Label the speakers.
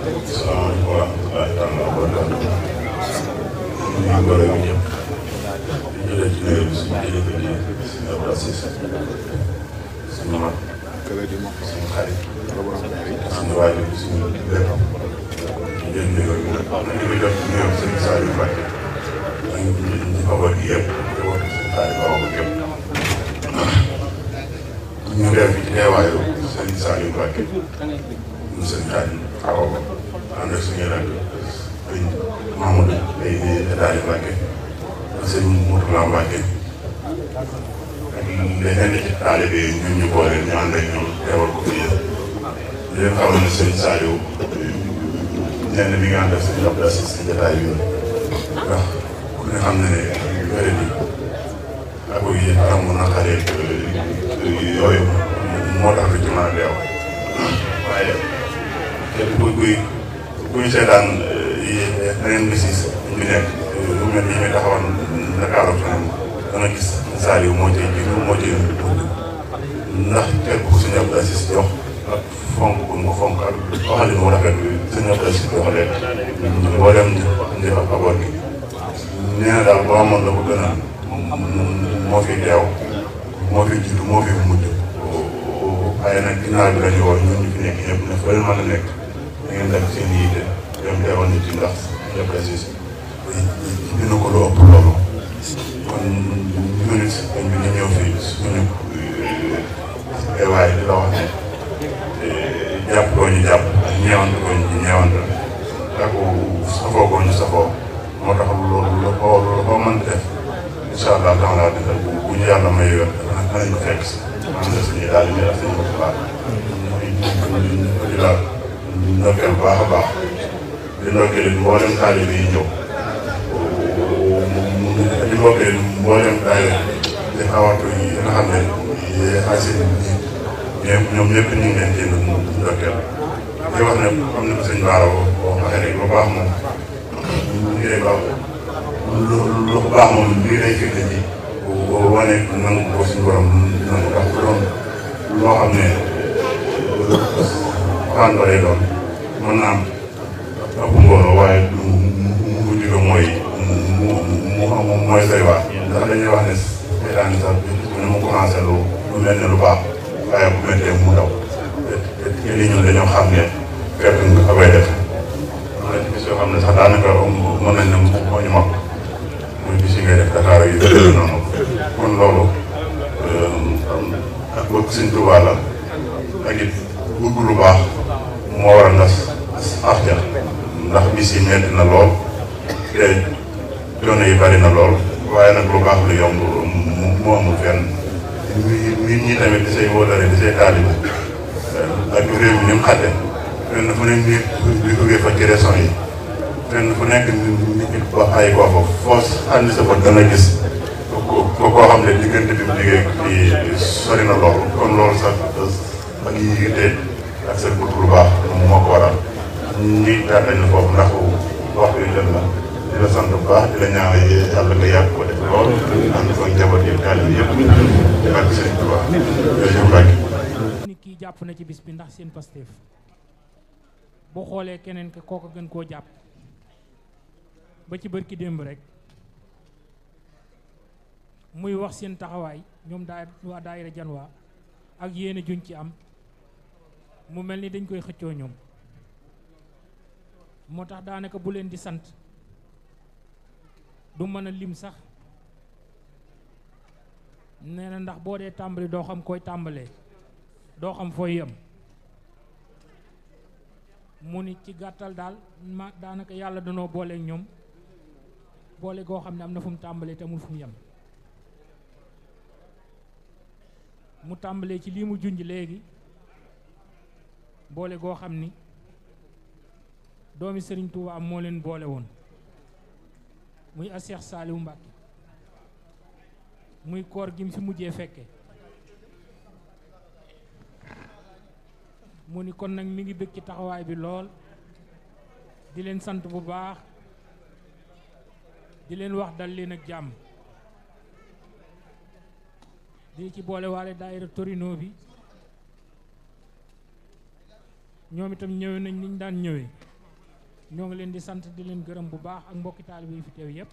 Speaker 1: asalaamaaleykum wa rahmatulaahi taala wa barakaatu. ñu ngi gërëm ñëpp. di jëlee ci nuyu bi suñu kilifa gi suñu Abdou Aziz suñu mag suñu xarit suñu waajur bi suñu lépp. ñu jël ndigal bi nag ñu ngi jot nuyu sëñ Saliou Mbacké. ak ñu ci xabar gi yëpp di wax suñu xarit boobu yëpp. ñu ngi fi ci teewaayu sëñ Saliou Mbacké. mu seen xaaj awa ba ànd ak suñu rakk sëñ Mamadou day état yu Mbàkke ak sëñ Mourtala Mbàkke ak leneen ci taalibe yi ñun ñu boole ñu ànd ak ñoom teewal ko fi yéen di leen xamal ne sëñ Saliou ñenn bi nga ànd ak sëñ Abdou si seen jotaay bi ndax ku ne xam na ne yu bëri nii ak yi amoon na xarit yooyu moo tax ñu mën a deew képp kuy kuy kuy seetaan gis-gis eh, ñu nekk eh, lu mel ni ñu taxawal Ndakaaru kanam dana gis Saliou moo cay jiitu moo cay ndax képp mu ko fonk ak waxalin gi nee daal boo amoon la ko gën a moo fi teew moo fi jiitu moo fi mujj waaye nag ginnaaw bi la ñu woo fi nekk ñëpp ne fa mën nekk ngeen def seen yitte ñoom teewoon nañ ci ndax le précis dina ko lu ëpp loolu kon jurit dañ bi ñëw fii suñu teewaay eh, di la wax ne eh, jàpp koo ñu jàpp ak ñeewante koo ñu ñeewante ak safoo koo ñu safoo moo tax loolu la ko la ko mën def incha allah taala di bu bu ñu yàlla may wér danañ ko fekk si. am na suñuy daal di mel ak suñu bopp baax. di ndokkeel bu baax a baax di ndokkeel mboolem taalibe yi ñëw mu di ndokkeel mboolem daayira di xawatu yi nga xam ne yi xaasin yi ñoom ñëpp ñu ngi leen di ndokkeel di wax ne xam ne ko sëñ Baara boo waxee rek lu baax moom ngi lay baax lu baax moom lii lay fekk ji wane nangu ko suñu borom nangu tax doon loo xam ne tàndoo lay doon mën naa am ëpp mbooloo waaye du mu mu mooy mu mu mooy say wax ndax dañuy wax ne seetaan sax bu ñu mu commencé lu lu mel ne lu baax waaye bu méttee mu daw te te ñun dañoo xam ne fekk nga ko koy def am na ci bis yoo xam ne sax daanaka mën nañ ne moo ñu mag muy bis yi ngay def Dakar yi noonu kon loolu euh, ak bëgg Sëñ Tuubaa la metti na lool coono yi bari na lool waaye nag lu baax lu yomb mu amul fenn nit ñi tamit di say wóolare di say taalibe ak réew mi ni mu xatte fenn fu ne nit di duggee fa ci régions yi fenn fu nekk nit ñi ba ay fa xam ne sori na lool kon loolu sax ak yi yitte ak sa gudd lu baax moo ko waral ñi daal foofu ndax waxtu yu jot la di la baax di la ñaanal yàlla
Speaker 2: nga yàgg ko def lool am na soo njaboot yi taalibe yëpp di ak sëriñ Tuubaa jërëjëf Mbàkke nit kii jàpp na ci bis bi ndax seen Pastef boo xoolee keneen ka gën koo jàpp ba ci bërki démb rek muy wax seen taxawaay ñoom daa waa daayira Janwa ak yéene juñ ci am mu mel ni dañ koy xëccoo ñoom moo tax daanaka bu leen di sant du mën a lim sax nee na ndax boo dee tàmbali doo xam koy tàmbalee doo xam fooy yem mu ni ci gàttal daal ma daanaka yàlla noo booleeg ñoom boole goo xam ne am na fu mu tàmbalee te amul fu mu yem mu tàmbalee ci lii mu junj léegi boole goo xam ni doomi sëriñ Touba moo leen boole woon muy a Seex Saaliwu Mbàkke muy koor gi mu fi mujjee fekke mu ni kon nag mi ngi bëgg ci taxawaay bi lool di leen sant bu baax di leen wax dal leen ak jàmm di ci boole waale daayira Torino bi ñoom itam ñëwe nañ niñ daan ñëwee ñoo ngi leen di sant di leen gërëm bu baax ak mbokki taalibe fi teew yëpp